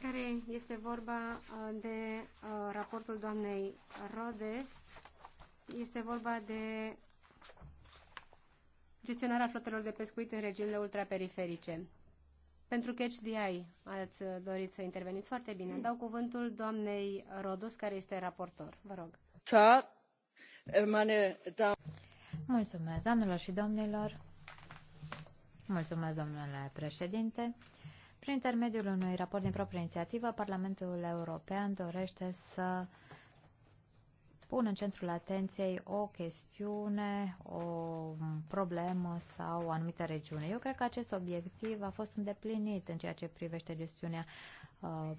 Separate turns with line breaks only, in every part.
care este vorba uh, de uh, raportul doamnei Rodest. Este vorba de gestionarea flotelor de pescuit în regiunile ultraperiferice. Pentru Catch ați uh, dorit să interveniți foarte bine. Dau cuvântul doamnei Rodos, care este raportor. Vă rog.
Da. Mulțumesc, doamnelor și domnilor. Mulțumesc, domnule președinte. Prin intermediul unui raport din proprie inițiativă, Parlamentul European dorește să pun în centrul atenției o chestiune, o problemă sau o anumită regiune. Eu cred că acest obiectiv a fost îndeplinit în ceea ce privește gestiunea uh,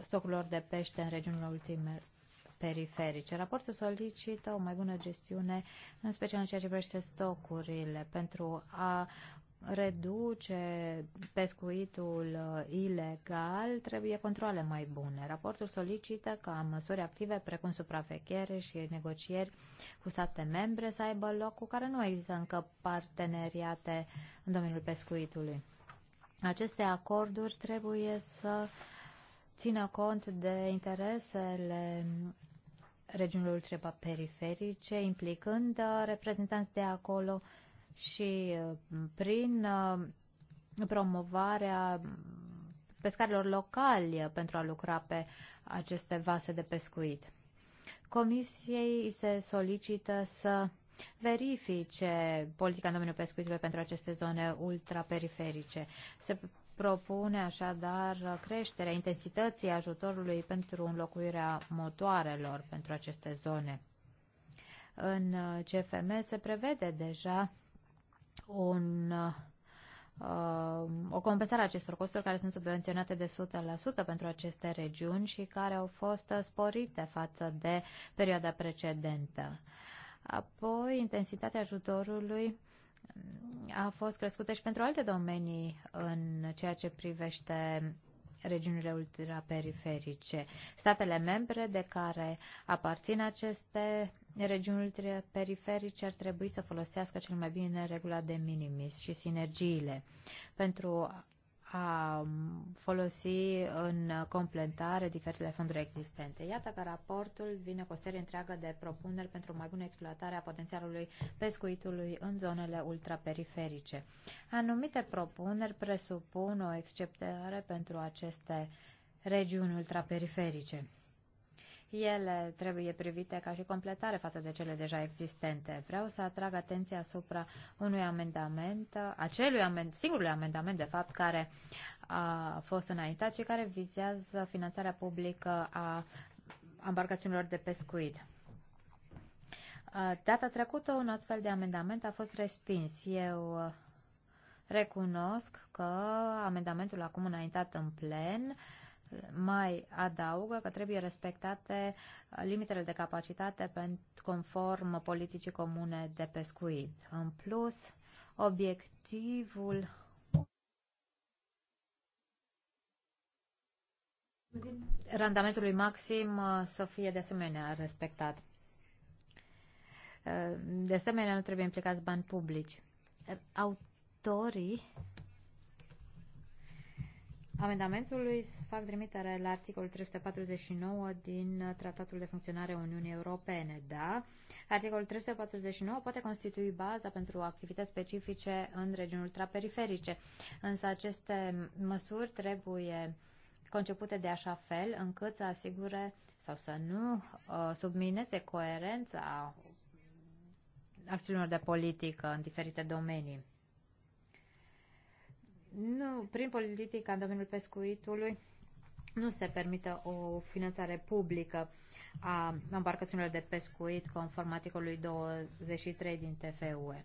stocurilor de pește în regiunile ultime periferice. Raportul solicită o mai bună gestiune, în special în ceea ce privește stocurile, pentru a reduce pescuitul uh, ilegal, trebuie controle mai bune. Raportul solicită ca măsuri active precum supraveghere și negocieri cu state membre să aibă loc cu care nu există încă parteneriate în domeniul pescuitului. Aceste acorduri trebuie să țină cont de interesele regiunilor treba periferice, implicând uh, reprezentanți de acolo și uh, prin uh, promovarea pescarilor locali pentru a lucra pe aceste vase de pescuit. Comisiei se solicită să verifice politica în domeniul pescuitului pentru aceste zone ultraperiferice. Se propune așadar creșterea intensității ajutorului pentru înlocuirea motoarelor pentru aceste zone. În CFM se prevede deja un uh, o compensare a acestor costuri care sunt subvenționate de 100% pentru aceste regiuni și care au fost sporite față de perioada precedentă. Apoi, intensitatea ajutorului a fost crescută și pentru alte domenii în ceea ce privește regiunile ultraperiferice. Statele membre de care aparțin aceste regiuni ultraperiferice ar trebui să folosească cel mai bine regula de minimis și sinergiile pentru a folosi în completare diferitele fonduri existente. Iată că raportul vine cu o serie întreagă de propuneri pentru mai bună exploatare a potențialului pescuitului în zonele ultraperiferice. Anumite propuneri presupun o exceptare pentru aceste regiuni ultraperiferice. Ele trebuie privite ca și completare față de cele deja existente. Vreau să atrag atenția asupra unui amendament, acelui amend, singurului amendament, de fapt, care a fost înaintat și care vizează finanțarea publică a embarcațiunilor de pescuit. Data trecută un astfel de amendament a fost respins. Eu recunosc că amendamentul acum înaintat în plen uh, mai adaugă că trebuie respectate limitele de capacitate conform politicii comune de pescuit. În plus, obiectivul randamentului maxim uh, să fie de asemenea respectat. Uh, de asemenea, nu trebuie implicați bani publici. Autorii amendamentului fac trimitere la articolul 349 din Tratatul de Funcționare a Uniunii Europene, da? Articolul 349 poate constitui baza pentru activități specifice în regiuni ultraperiferice, însă aceste măsuri trebuie concepute de așa fel încât să asigure sau să nu uh, submineze coerența acțiunilor de politică în diferite domenii nu, prin politica în domeniul pescuitului nu se permită o finanțare publică a embarcațiunilor de pescuit conform articolului 23 din TFUE.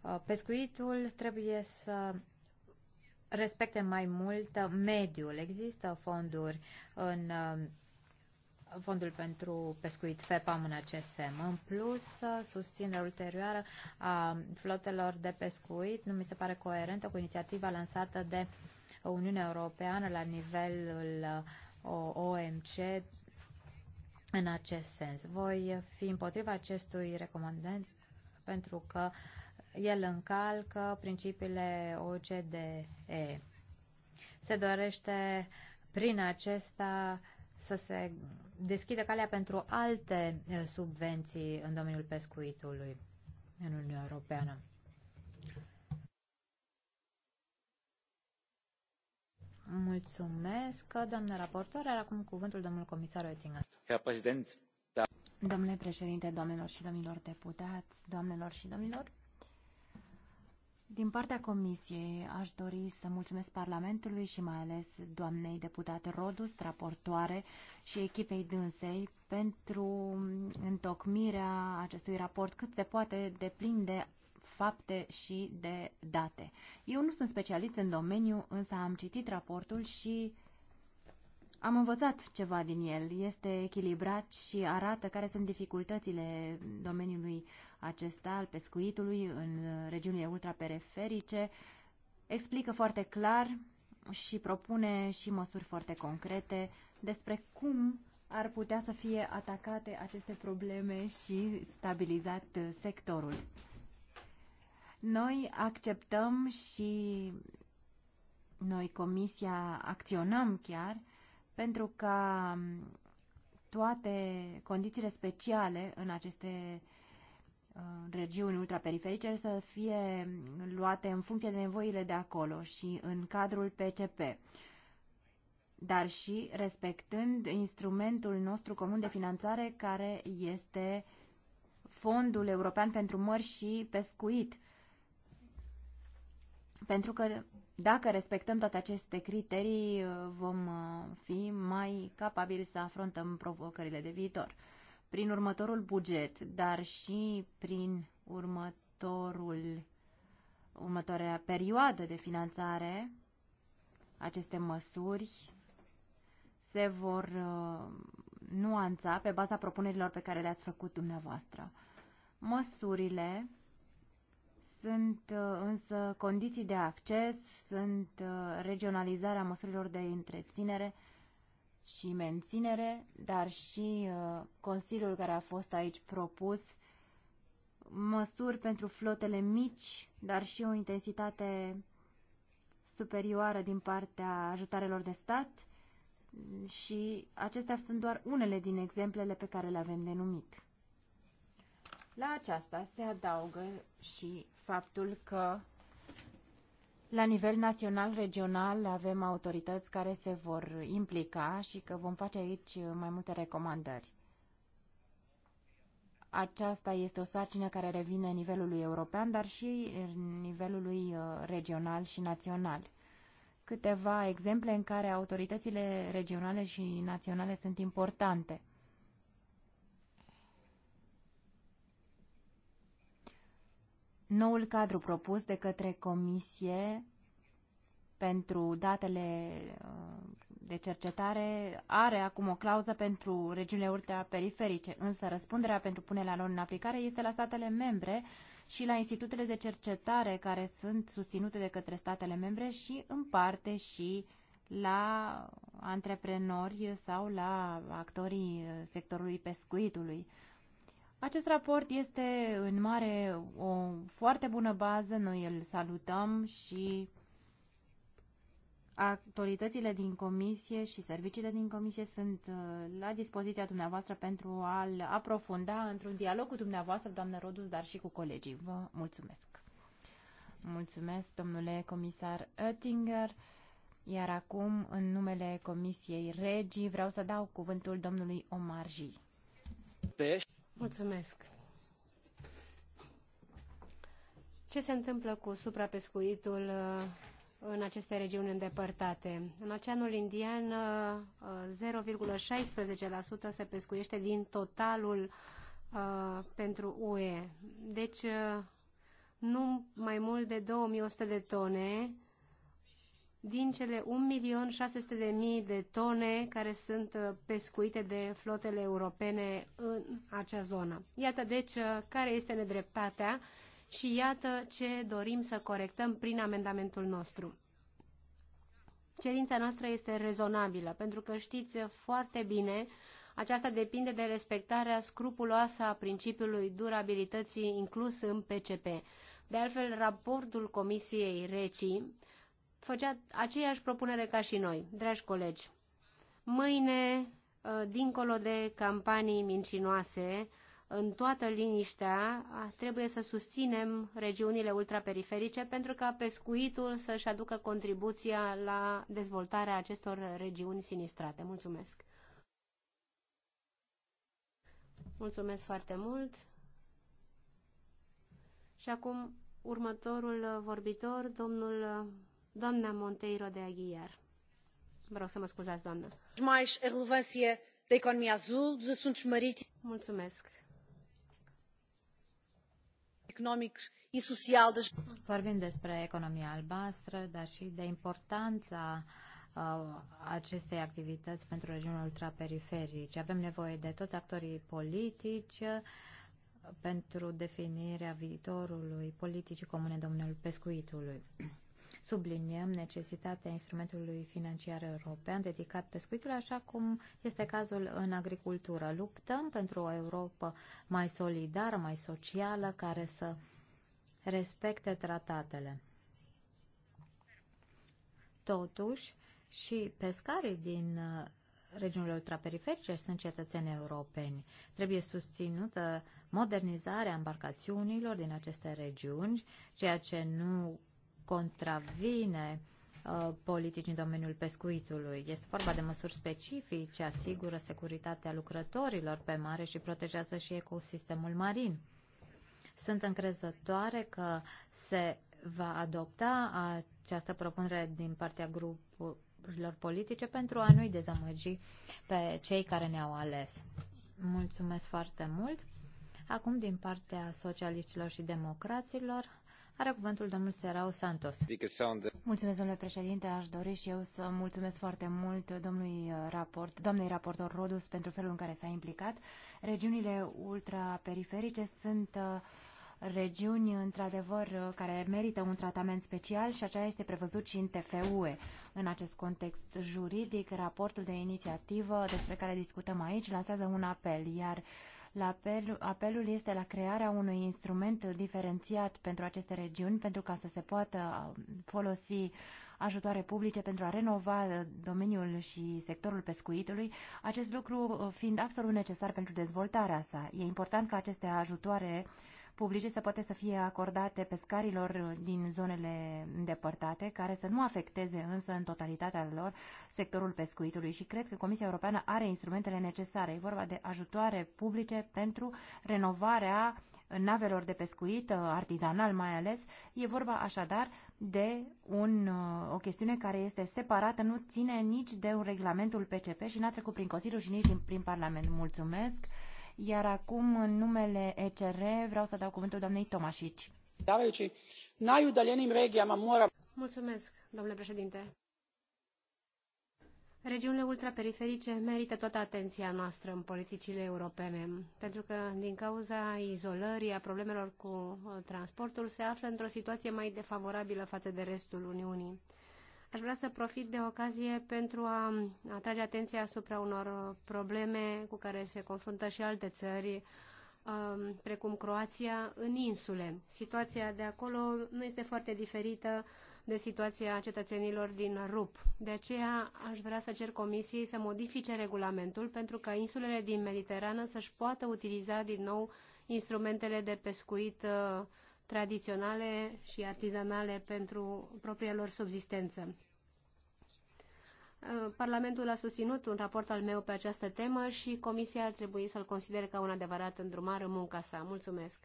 Uh, pescuitul trebuie să respecte mai mult mediul. Există fonduri în uh, fondul pentru pescuit FEPAM în acest sem. În plus, susținerea ulterioară a flotelor de pescuit nu mi se pare coerentă cu inițiativa lansată de Uniunea Europeană la nivelul uh, OMC în acest sens. Voi fi împotriva acestui recomandant pentru că el încalcă principiile OCDE. Se dorește prin acesta să se deschide calea pentru alte subvenții în domeniul pescuitului în Uniunea Europeană. Mulțumesc, doamnă raportor. Are acum cuvântul domnul comisar Oettinger. Da-
Domnule președinte, doamnelor și domnilor deputați, doamnelor și domnilor, din partea Comisiei aș dori să mulțumesc Parlamentului și mai ales doamnei deputate Rodus, raportoare și echipei dânsei pentru întocmirea acestui raport cât se poate de plin de fapte și de date. Eu nu sunt specialist în domeniu, însă am citit raportul și am învățat ceva din el. Este echilibrat și arată care sunt dificultățile domeniului acesta al pescuitului în regiunile ultraperiferice. Explică foarte clar și propune și măsuri foarte concrete despre cum ar putea să fie atacate aceste probleme și stabilizat sectorul. Noi acceptăm și noi, Comisia, acționăm chiar pentru ca toate condițiile speciale în aceste uh, regiuni ultraperiferice să fie luate în funcție de nevoile de acolo și în cadrul PCP, dar și respectând instrumentul nostru comun de finanțare care este Fondul European pentru Mări și Pescuit. Pentru că dacă respectăm toate aceste criterii, vom uh, fi mai capabili să afrontăm provocările de viitor. Prin următorul buget, dar și prin următorul, următoarea perioadă de finanțare, aceste măsuri se vor uh, nuanța pe baza propunerilor pe care le-ați făcut dumneavoastră. Măsurile sunt uh, însă condiții de acces, sunt uh, regionalizarea măsurilor de întreținere și menținere, dar și uh, Consiliul care a fost aici propus, măsuri pentru flotele mici, dar și o intensitate superioară din partea ajutarelor de stat și acestea sunt doar unele din exemplele pe care le avem denumit. La aceasta se adaugă și faptul că la nivel național, regional avem autorități care se vor implica și că vom face aici mai multe recomandări. Aceasta este o sarcină care revine nivelului european, dar și nivelului uh, regional și național. Câteva exemple în care autoritățile regionale și naționale sunt importante – Noul cadru propus de către Comisie pentru datele uh, de cercetare are acum o clauză pentru regiunile ultraperiferice, însă răspunderea pentru punerea lor în aplicare este la statele membre și la institutele de cercetare care sunt susținute de către statele membre și în parte și la antreprenori sau la actorii uh, sectorului pescuitului. Acest raport este în mare o foarte bună bază, noi îl salutăm și autoritățile din comisie și serviciile din comisie sunt uh, la dispoziția dumneavoastră pentru a-l aprofunda într-un dialog cu dumneavoastră, doamnă Rodus, dar și cu colegii. Vă mulțumesc! Mulțumesc, domnule comisar Oettinger. Iar acum, în numele Comisiei Regii, vreau să dau cuvântul domnului
Omarji. Pești. Mulțumesc. Ce se întâmplă cu suprapescuitul uh, în aceste regiuni îndepărtate? În Oceanul Indian, 0,16% uh, se pescuiește din totalul uh, pentru UE. Deci, nu mai mult de 2100 de tone din cele 1.600.000 de tone care sunt uh, pescuite de flotele europene în acea zonă. Iată deci uh, care este nedreptatea și iată ce dorim să corectăm prin amendamentul nostru. Cerința noastră este rezonabilă, pentru că știți uh, foarte bine, aceasta depinde de respectarea scrupuloasă a principiului durabilității inclus în PCP. De altfel, raportul Comisiei RECI făcea aceeași propunere ca și noi, dragi colegi. Mâine, uh, dincolo de campanii mincinoase, în toată liniștea, trebuie să susținem regiunile ultraperiferice pentru ca pescuitul să-și aducă contribuția la dezvoltarea acestor regiuni sinistrate. Mulțumesc! Mulțumesc foarte mult! Și acum următorul vorbitor, domnul Doamna Monteiro de Aguiar. Vă rog să mă scuzați, doamnă. Mai relevanție de da economia azul, dos assuntos marítimos. Mulțumesc. Economic
și social. Vorbim despre economia albastră, dar și de importanța uh, acestei activități pentru regiunile ultraperiferice. Avem nevoie de toți actorii politici uh, pentru definirea viitorului politicii comune domnului pescuitului subliniem necesitatea instrumentului financiar european dedicat pescuitului, așa cum este cazul în agricultură. Luptăm pentru o Europa mai solidară, mai socială, care să respecte tratatele. Totuși, și pescarii din uh, regiunile ultraperiferice sunt cetățeni europeni. Trebuie susținută modernizarea embarcațiunilor din aceste regiuni, ceea ce nu contravine uh, politici în domeniul pescuitului. Este vorba de măsuri specifice, asigură securitatea lucrătorilor pe mare și protejează și ecosistemul marin. Sunt încrezătoare că se va adopta această propunere din partea grupurilor politice pentru a nu-i dezamăgi pe cei care ne-au ales. Mulțumesc foarte mult! Acum, din partea socialiștilor și
democraților, are cuvântul domnul Serau Santos. Mulțumesc, domnule președinte. Aș dori și eu să mulțumesc foarte mult domnului uh, raport, doamnei raportor Rodus pentru felul în care s-a implicat. Regiunile ultraperiferice sunt uh, regiuni, într-adevăr, uh, care merită un tratament special și aceea este prevăzut și în TFUE. În acest context juridic, raportul de inițiativă despre care discutăm aici lansează un apel, iar uh, la apel, apelul este la crearea unui instrument diferențiat pentru aceste regiuni, pentru ca să se poată uh, folosi ajutoare publice pentru a renova uh, domeniul și sectorul pescuitului, acest lucru uh, fiind absolut necesar pentru dezvoltarea sa. E important ca aceste ajutoare uh, publice să poate să fie acordate pescarilor din zonele îndepărtate, care să nu afecteze însă în totalitatea lor sectorul pescuitului și cred că Comisia Europeană are instrumentele necesare. E vorba de ajutoare publice pentru renovarea navelor de pescuit, uh, artizanal mai ales. E vorba așadar de un, uh, o chestiune care este separată, nu ține nici de un regulamentul PCP și n-a trecut prin Consiliu și nici din, prin Parlament. Mulțumesc! Iar acum, în numele ECR, vreau să dau cuvântul doamnei Tomașici.
Mulțumesc, domnule președinte. Regiunile ultraperiferice merită toată atenția noastră în politicile europene, pentru că din cauza izolării a problemelor cu uh, transportul se află într-o situație mai defavorabilă față de restul Uniunii. Aș vrea să profit de ocazie pentru a atrage atenția asupra unor uh, probleme cu care se confruntă și alte țări, um, precum Croația, în insule. Situația de acolo nu este foarte diferită de situația cetățenilor din RUP. De aceea aș vrea să cer comisiei să modifice regulamentul pentru ca insulele din Mediterană să-și poată utiliza din nou instrumentele de pescuit uh, tradiționale și artizanale pentru propria lor subzistență. Uh, Parlamentul a susținut un raport al meu pe această temă și Comisia ar trebui să-l considere ca un adevărat îndrumar în munca sa. Mulțumesc!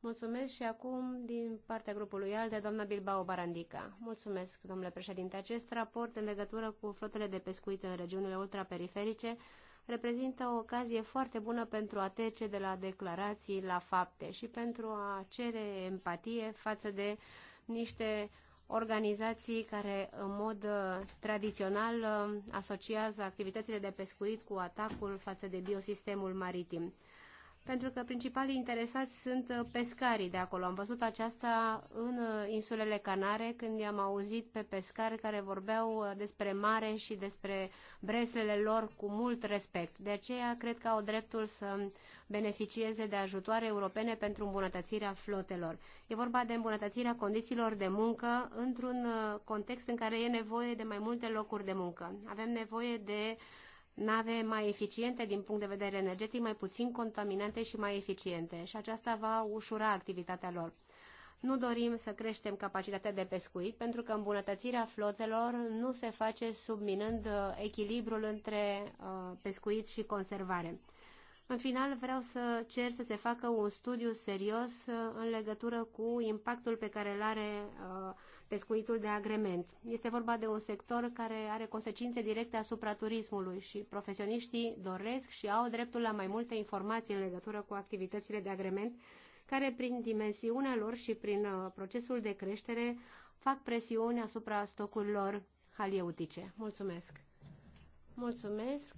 Mulțumesc și acum din partea grupului al de doamna Bilbao Barandica. Mulțumesc, domnule președinte. Acest raport în legătură cu flotele de pescuit în regiunile ultraperiferice reprezintă o ocazie foarte bună pentru a trece de la declarații la fapte și pentru a cere empatie față de niște organizații care în mod uh, tradițional uh, asociază activitățile de pescuit cu atacul față de biosistemul maritim pentru că principalii interesați sunt uh, pescarii de acolo. Am văzut aceasta în uh, insulele Canare, când i-am auzit pe pescari care vorbeau uh, despre mare și despre breslele lor cu mult respect. De aceea, cred că au dreptul să beneficieze de ajutoare europene pentru îmbunătățirea flotelor. E vorba de îmbunătățirea condițiilor de muncă într-un context în care e nevoie de mai multe locuri de muncă. Avem nevoie de nave mai eficiente din punct de vedere energetic, mai puțin contaminante și mai eficiente și aceasta va ușura activitatea lor. Nu dorim să creștem capacitatea de pescuit pentru că îmbunătățirea flotelor nu se face subminând uh, echilibrul între uh, pescuit și conservare. În final, vreau să cer să se facă un studiu serios uh, în legătură cu impactul pe care îl are pescuitul de agrement. Este vorba de un sector care are consecințe directe asupra turismului și profesioniștii doresc și au dreptul la mai multe informații în legătură cu activitățile de agrement, care prin dimensiunea lor și prin uh, procesul de creștere fac presiuni asupra stocurilor halieutice. Mulțumesc! Mulțumesc!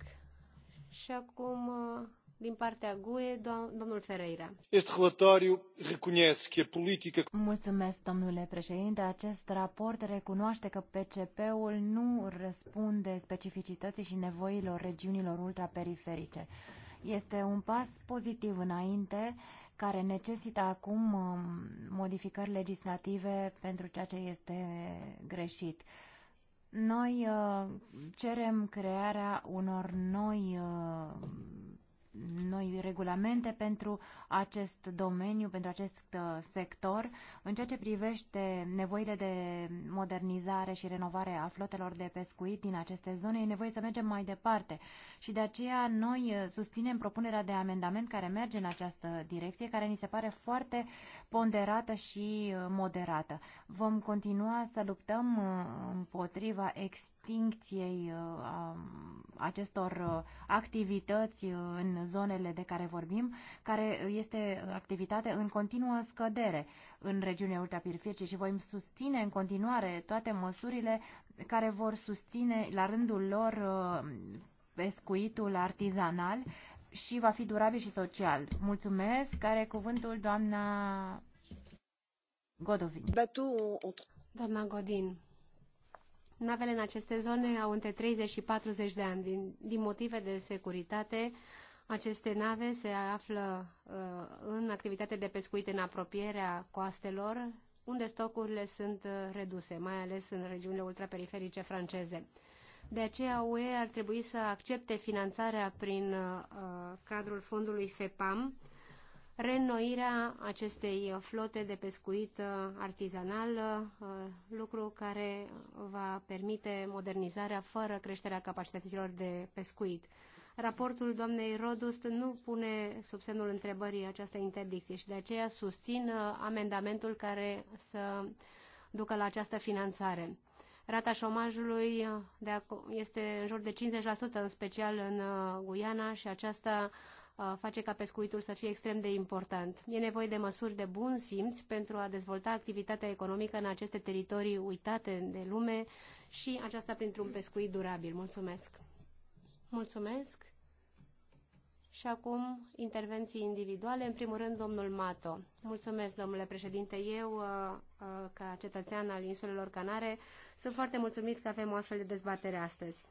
Și acum uh, din partea GUE, domnul Ferreira. Este relatoriu recunoaște că politica...
Mulțumesc, domnule președinte. Acest raport recunoaște că PCP-ul nu răspunde specificității și nevoilor regiunilor ultraperiferice. Este un pas pozitiv înainte care necesită acum um, modificări legislative pentru ceea ce este greșit. Noi uh, cerem crearea unor noi uh, noi regulamente pentru acest domeniu, pentru acest uh, sector, în ceea ce privește nevoile de modernizare și renovare a flotelor de pescuit din aceste zone, e nevoie să mergem mai departe. Și de aceea noi uh, susținem propunerea de amendament care merge în această direcție, care ni se pare foarte ponderată și uh, moderată. Vom continua să luptăm împotriva ex extincției uh, acestor uh, activități uh, în zonele de care vorbim, care este activitate în continuă scădere în regiunea Urtea pirfirce și voi susține în continuare toate măsurile care vor susține la rândul lor pescuitul artizanal și va fi durabil și social. Mulțumesc. Care cuvântul doamna
Godovin? Doamna Godin, Navele în aceste zone au între 30 și 40 de ani. Din, din motive de securitate, aceste nave se află uh, în activitate de pescuit în apropierea coastelor, unde stocurile sunt uh, reduse, mai ales în regiunile ultraperiferice franceze. De aceea UE ar trebui să accepte finanțarea prin uh, uh cadrul fondului FEPAM reînnoirea acestei flote de pescuit uh, artizanal, uh, lucru care va permite modernizarea fără creșterea capacităților de pescuit. Raportul doamnei Rodust nu pune sub semnul întrebării această interdicție și de aceea susțin uh, amendamentul care să ducă la această finanțare. Rata șomajului este în jur de 50%, în special în Guiana, și aceasta face ca pescuitul să fie extrem de important. E nevoie de măsuri de bun simț pentru a dezvolta activitatea economică în aceste teritorii uitate de lume și aceasta printr-un pescuit durabil. Mulțumesc! Mulțumesc! Și acum intervenții individuale. În primul rând, domnul Mato. Mulțumesc, domnule președinte. Eu, ca cetățean al insulelor Canare, sunt foarte mulțumit că avem o astfel de dezbatere astăzi.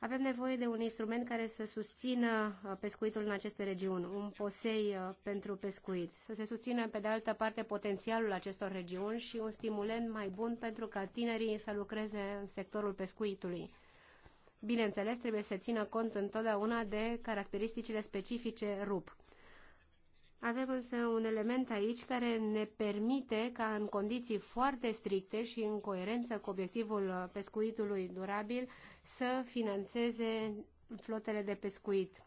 Avem nevoie de un instrument care să susțină uh, pescuitul în aceste regiuni, un posei uh, pentru pescuit, să se susțină, pe de altă parte, potențialul acestor regiuni și un stimulent mai bun pentru ca tinerii să lucreze în sectorul pescuitului. Bineînțeles, trebuie să țină cont întotdeauna de caracteristicile specifice RUP. Avem însă un element aici care ne permite ca în condiții foarte stricte și în coerență cu obiectivul pescuitului durabil să financeze flotele de pescuit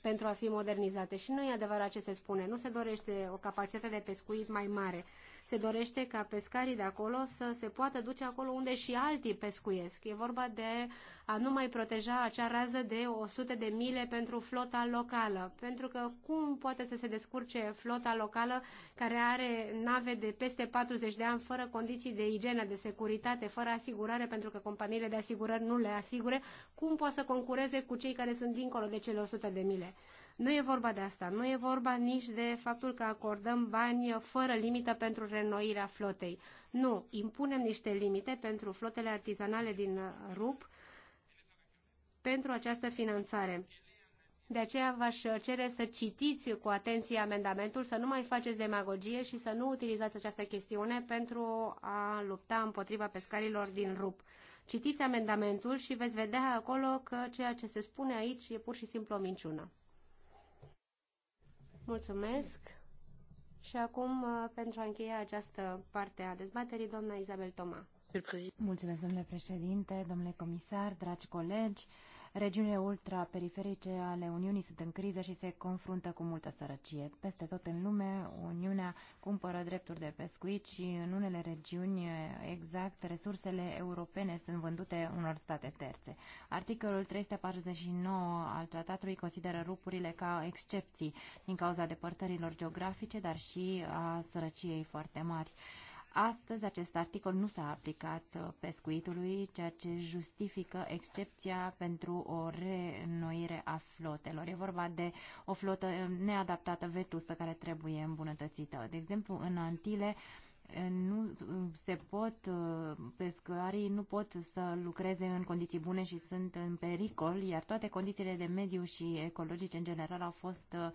pentru a fi modernizate. Și nu e adevărat ce se spune. Nu se dorește o capacitate de pescuit mai mare. Se dorește ca pescarii de acolo să se poată duce acolo unde și alții pescuiesc. E vorba de a nu mai proteja acea rază de 100 de mile pentru flota locală. Pentru că cum poate să se descurce flota locală care are nave de peste 40 de ani fără condiții de igienă, de securitate, fără asigurare, pentru că companiile de asigurări nu le asigure, cum poate să concureze cu cei care sunt dincolo de cele 100 de mile? Nu e vorba de asta, nu e vorba nici de faptul că acordăm bani fără limită pentru renoirea flotei. Nu, impunem niște limite pentru flotele artizanale din RUP pentru această finanțare. De aceea v-aș cere să citiți cu atenție amendamentul, să nu mai faceți demagogie și să nu utilizați această chestiune pentru a lupta împotriva pescarilor din rup. Citiți amendamentul și veți vedea acolo că ceea ce se spune aici e pur și simplu o minciună. Mulțumesc! Și acum, pentru a încheia această parte a dezbaterii, doamna Isabel Toma.
Mulțumesc, domnule președinte, domnule comisar, dragi colegi. Regiunile ultraperiferice ale Uniunii sunt în criză și se confruntă cu multă sărăcie. Peste tot în lume, Uniunea cumpără drepturi de pescuit și în unele regiuni exact resursele europene sunt vândute unor state terțe. Articolul 349 al tratatului consideră rupurile ca excepții din cauza depărtărilor geografice, dar și a sărăciei foarte mari. Astăzi acest articol nu s-a aplicat uh, pescuitului, ceea ce justifică excepția pentru o renoire a flotelor. E vorba de o flotă uh, neadaptată, vetustă, care trebuie îmbunătățită. De exemplu, în Antile, uh, nu se pot, pescarii nu pot să lucreze în condiții bune și sunt în pericol, iar toate condițiile de mediu și ecologice în general au fost uh,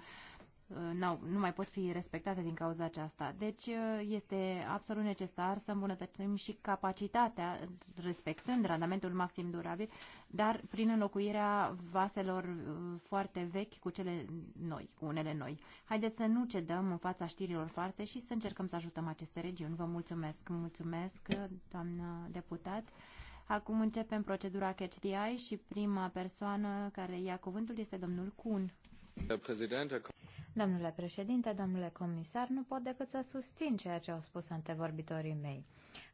Uh, nu mai pot fi respectate din cauza aceasta. Deci uh, este absolut necesar să îmbunătățim și capacitatea, respectând randamentul maxim durabil, dar prin înlocuirea vaselor uh, foarte vechi cu cele noi, cu unele noi. Haideți să nu cedăm în fața știrilor false și să încercăm să ajutăm aceste regiuni. Vă mulțumesc, mulțumesc, doamnă deputat. Acum începem procedura Catch the Eye și prima persoană care ia cuvântul este domnul Kuhn. Domnule președinte, domnule comisar, nu pot decât să susțin
ceea ce au spus antevorbitorii mei.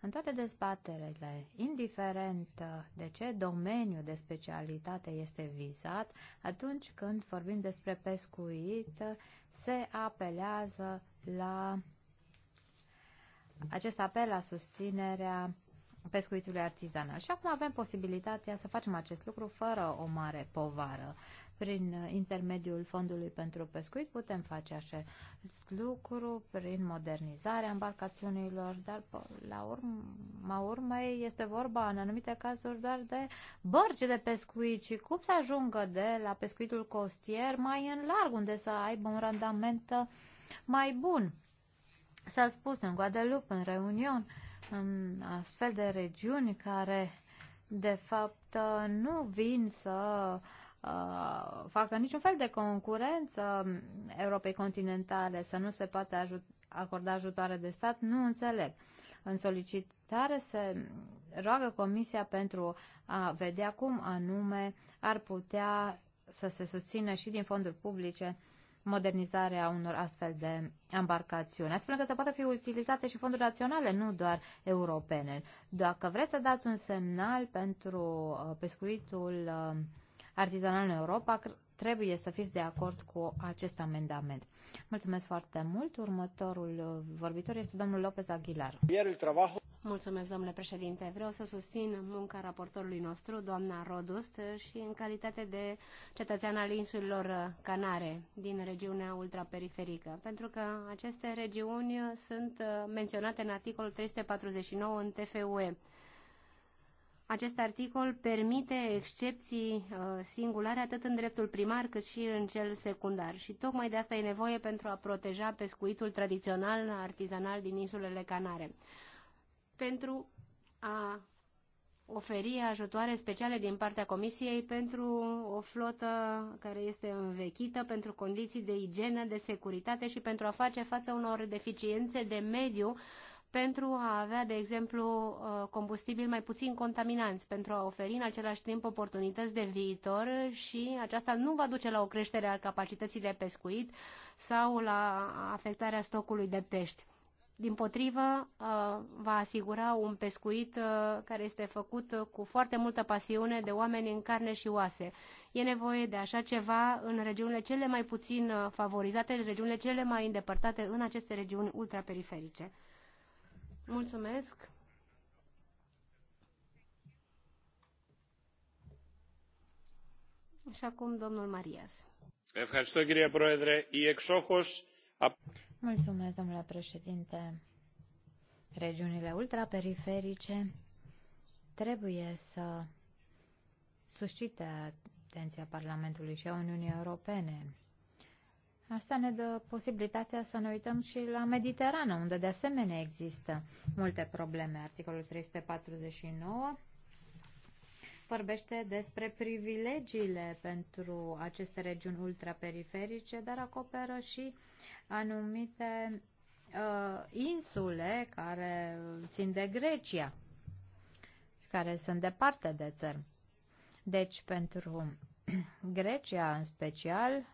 În toate dezbaterele, indiferent uh, de ce domeniu de specialitate este vizat, atunci când vorbim despre pescuit, uh, se apelează la acest apel la susținerea pescuitului artizanal. Și acum avem posibilitatea să facem acest lucru fără o mare povară prin intermediul Fondului pentru Pescuit. Putem face acest lucru prin modernizarea embarcațiunilor, dar la urmă urmei este vorba în anumite cazuri doar de bărci de pescuit și cum să ajungă de la pescuitul costier mai în larg, unde să aibă un randament mai bun. S-a spus în Guadeloupe, în Reunion, în astfel de regiuni care, de fapt, nu vin să Uh, facă niciun fel de concurență Europei continentale, să nu se poate ajut acorda ajutoare de stat, nu înțeleg. În solicitare se roagă Comisia pentru a vedea cum anume ar putea să se susțină și din fonduri publice modernizarea unor astfel de embarcațiuni. Astfel că se poate fi utilizate și fonduri naționale, nu doar europene. Dacă vreți să dați un semnal pentru uh, pescuitul uh, artizanal în Europa, trebuie să fiți de acord cu acest amendament. Mulțumesc foarte mult. Următorul uh, vorbitor este
domnul Lopez Aguilar. Mulțumesc, domnule președinte. Vreau să susțin munca raportorului nostru, doamna Rodust, și în calitate de cetățean al insulelor uh, Canare din regiunea ultraperiferică, pentru că aceste regiuni uh, sunt menționate în articolul 349 în TFUE acest articol permite excepții uh, singulare atât în dreptul primar cât și în cel secundar și tocmai de asta e nevoie pentru a proteja pescuitul tradițional artizanal din insulele Canare. Pentru a oferi ajutoare speciale din partea Comisiei pentru o flotă care este învechită, pentru condiții de igienă, de securitate și pentru a face față unor deficiențe de mediu pentru a avea, de exemplu, uh, combustibil mai puțin contaminanți, pentru a oferi în același timp oportunități de viitor și aceasta nu va duce la o creștere a capacității de pescuit sau la afectarea stocului de pești. Din potrivă, uh, va asigura un pescuit uh, care este făcut cu foarte multă pasiune de oameni în carne și oase. E nevoie de așa ceva în regiunile cele mai puțin favorizate, în regiunile cele mai îndepărtate, în aceste regiuni ultraperiferice. Mulțumesc. Și acum domnul Marias.
Mulțumesc, domnule președinte. Regiunile ultraperiferice trebuie să suscite atenția Parlamentului și a Uniunii Europene Asta ne dă posibilitatea să ne uităm și la Mediterană, unde de asemenea există multe probleme. Articolul 349 vorbește despre privilegiile pentru aceste regiuni ultraperiferice, dar acoperă și anumite uh, insule care țin de Grecia, care sunt departe de țări. Deci, pentru Grecia în special,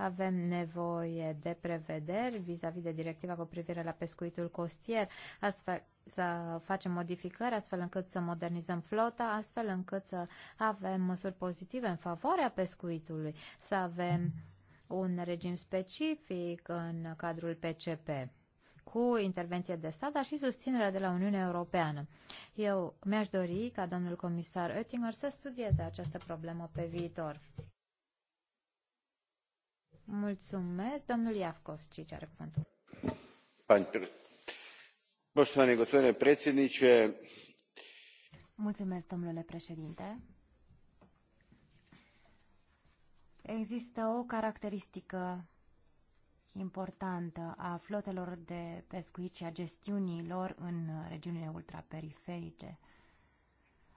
avem nevoie de prevederi vis-a-vis -vis de directiva cu privire la pescuitul costier, astfel să facem modificări astfel încât să modernizăm flota, astfel încât să avem măsuri pozitive în favoarea pescuitului, să avem un regim specific în cadrul PCP cu intervenție de stat, dar și susținerea de la Uniunea Europeană. Eu mi-aș dori ca domnul comisar Oettinger să studieze această problemă pe viitor. Mulțumesc. Domnul Iavkovcic are cuvântul.
Poštovani gospodine predsjedniče. Mulțumesc, domnule președinte. Există o caracteristică importantă a flotelor de pescuit și a gestiunii lor în regiunile ultraperiferice.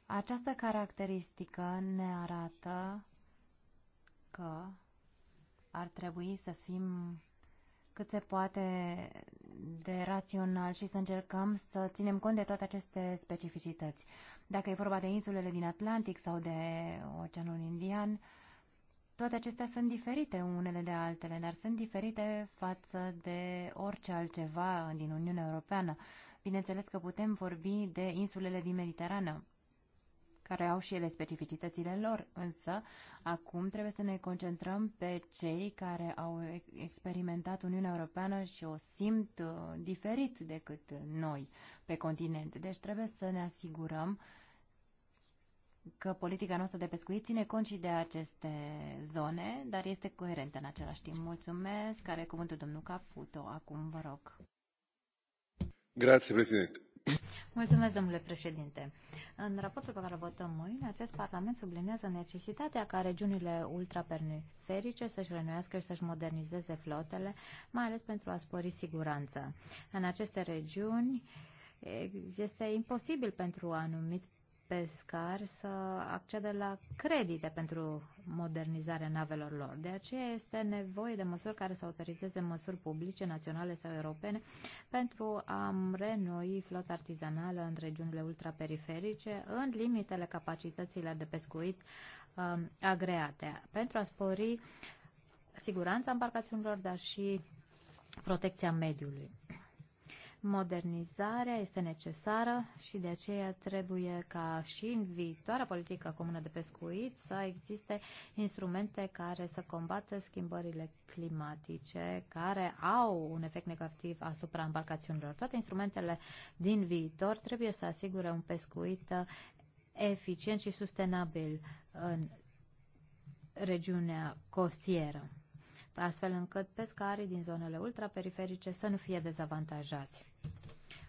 Această caracteristică ne arată că ar trebui să fim cât se poate de rațional și să încercăm să ținem cont de toate aceste specificități. Dacă e vorba de insulele din Atlantic sau de Oceanul Indian, toate acestea sunt diferite unele de altele, dar sunt diferite față de orice altceva din Uniunea Europeană. Bineînțeles că putem vorbi de insulele din Mediterană, care au și ele specificitățile lor, însă acum trebuie să ne concentrăm pe cei care au experimentat Uniunea Europeană și o simt uh, diferit decât noi pe continent. Deci trebuie să ne asigurăm că politica noastră de pescuit ține cont și de aceste zone, dar este coerentă în același timp. Mulțumesc. Care cuvântul domnul Caputo? Acum vă rog.
Grazie, președinte.
Mulțumesc, domnule președinte. În raportul pe care îl votăm
mâine, acest Parlament sublinează necesitatea ca regiunile ultraperiferice să-și renuiască și să-și modernizeze flotele, mai ales pentru a spori siguranța. În aceste regiuni este imposibil pentru anumiți pescari să accede la credite pentru modernizarea navelor lor. De aceea este nevoie de măsuri care să autorizeze măsuri publice, naționale sau europene pentru a renoi flota artizanală în regiunile ultraperiferice în limitele capacităților de pescuit um, agreate pentru a spori siguranța embarcațiunilor, dar și protecția mediului. Modernizarea este necesară și de aceea trebuie ca și în viitoarea politică comună de pescuit să existe instrumente care să combată schimbările climatice care au un efect negativ asupra embarcațiunilor. Toate instrumentele din viitor trebuie să asigure un pescuit eficient și sustenabil în regiunea costieră astfel încât pescarii din zonele ultraperiferice să nu fie dezavantajați.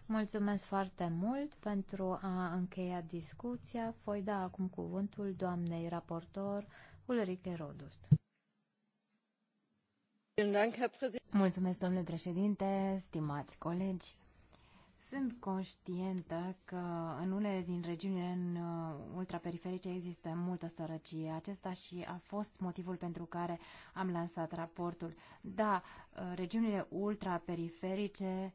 Mulțumesc foarte mult pentru a încheia discuția. Voi da acum cuvântul doamnei raportor Ulrike Rodust.
Mulțumesc, domnule președinte, stimați colegi. Sunt conștientă că în unele din regiunile în uh, ultraperiferice există multă sărăcie. Acesta și a fost motivul pentru care am lansat raportul. Da, uh, regiunile ultraperiferice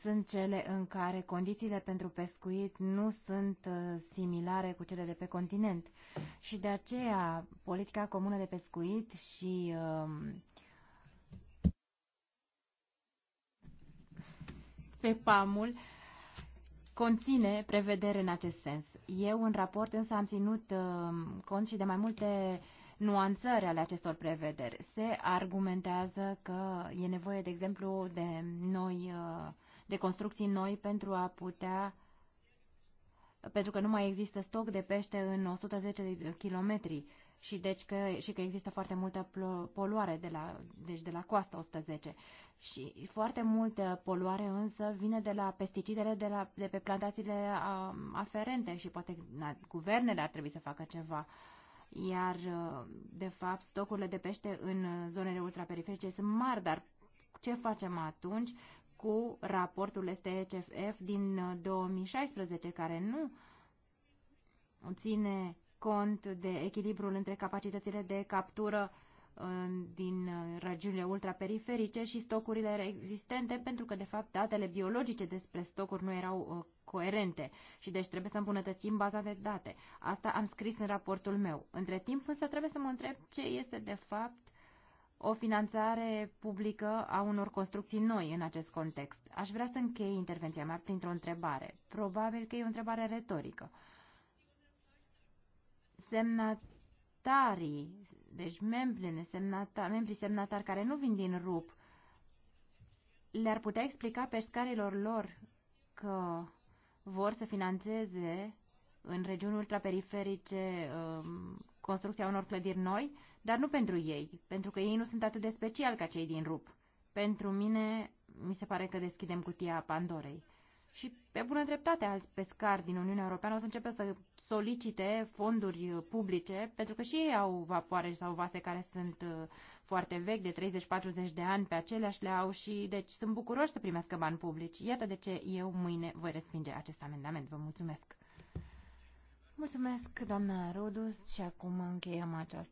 sunt cele în care condițiile pentru pescuit nu sunt uh, similare cu cele de pe continent. Și de aceea politica comună de pescuit și uh, pe ul conține prevedere în acest sens. Eu în raport însă am ținut uh, cont și de mai multe nuanțări ale acestor prevederi. Se argumentează că e nevoie, de exemplu, de noi, uh, de construcții noi pentru a putea pentru că nu mai există stoc de pește în 110 de kilometri și, deci că, și că există foarte multă poluare de la, deci de la coasta 110. Și foarte multă poluare însă vine de la pesticidele de, la, de pe plantațiile um, aferente și poate na, guvernele ar trebui să facă ceva iar uh, de fapt stocurile de pește în zonele ultraperiferice sunt mari, dar ce facem atunci cu raportul STCF din 2016 uh, care nu ține cont de echilibrul între capacitățile de captură din uh, regiunile ultraperiferice și stocurile existente, pentru că, de fapt, datele biologice despre stocuri nu erau uh, coerente și deci trebuie să îmbunătățim baza de date. Asta am scris în raportul meu. Între timp, însă, trebuie să mă întreb ce este, de fapt, o finanțare publică a unor construcții noi în acest context. Aș vrea să închei intervenția mea printr-o întrebare. Probabil că e o întrebare retorică. Uh, semnatarii, deci membrii, semnata, membrii semnatari care nu vin din RUP, le-ar putea explica pescarilor lor că vor să financeze în regiuni ultraperiferice um, construcția unor clădiri noi, dar nu pentru ei, pentru că ei nu sunt atât de special ca cei din RUP. Pentru mine, mi se pare că deschidem cutia Pandorei. Și pe bună dreptate alți pescari din Uniunea Europeană o să începe să solicite fonduri publice, pentru că și ei au vapoare sau vase care sunt uh, foarte vechi, de 30-40 de ani, pe aceleași le au și deci sunt bucuroși să primească bani publici. Iată de ce eu mâine voi respinge acest amendament. Vă mulțumesc! Mulțumesc, doamna Rodus, și acum încheiem această